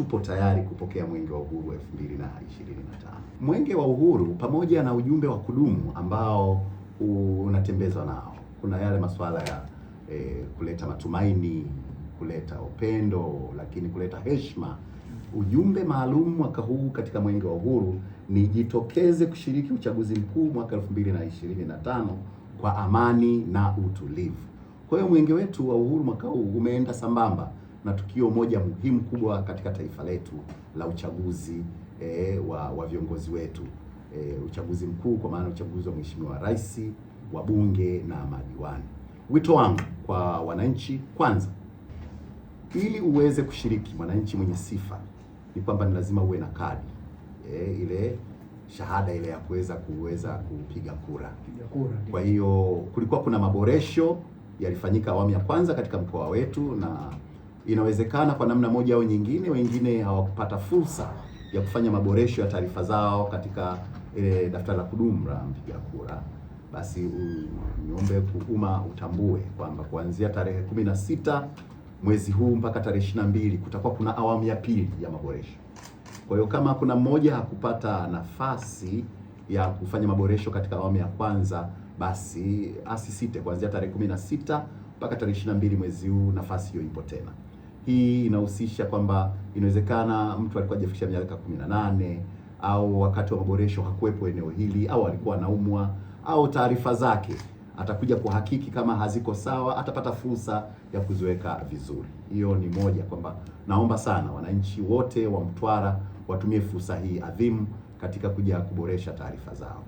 tupo tayari kupokea Mwenge wa Uhuru 2025. Mwenge wa Uhuru pamoja na ujumbe wa kudumu ambao unatembezwa nao, kuna yale masuala ya eh, kuleta matumaini, kuleta upendo, lakini kuleta heshima. Ujumbe maalum mwaka huu katika Mwenge wa Uhuru ni jitokeze kushiriki uchaguzi mkuu mwaka 2025 kwa amani na utulivu. Kwa hiyo mwenge wetu wa uhuru mwaka huu umeenda sambamba na tukio moja muhimu kubwa katika taifa letu la uchaguzi e, wa, wa viongozi wetu e, uchaguzi mkuu kwa maana uchaguzi wa mheshimiwa rais, bunge na madiwani. Wito wangu kwa wananchi, kwanza, ili uweze kushiriki, mwananchi mwenye sifa, ni kwamba ni lazima uwe na kadi e, ile shahada ile ya kuweza kuweza kupiga kura. Kwa hiyo kulikuwa kuna maboresho yalifanyika awamu ya kwanza katika mkoa wetu na inawezekana kwa namna moja au nyingine, wengine hawakupata fursa ya kufanya maboresho ya taarifa zao katika e, daftari la kudumu la mpiga kura, basi niombe umma utambue kwamba kuanzia tarehe 16 mwezi huu mpaka tarehe ishirini mbili kutakuwa kuna awamu ya pili ya maboresho. Kwa hiyo kama kuna mmoja hakupata nafasi ya kufanya maboresho katika awamu ya kwanza, basi asisite kuanzia tarehe 16 na mpaka tarehe ishirini mbili mwezi huu, nafasi hiyo ipo tena. Hii inahusisha kwamba inawezekana mtu alikuwa hajafikisha miaka 18 au wakati wa maboresho hakuwepo eneo hili, au alikuwa anaumwa, au taarifa zake atakuja kuhakiki kama haziko sawa, atapata fursa ya kuziweka vizuri. Hiyo ni moja, kwamba naomba sana wananchi wote wa Mtwara watumie fursa hii adhimu katika kuja kuboresha taarifa zao.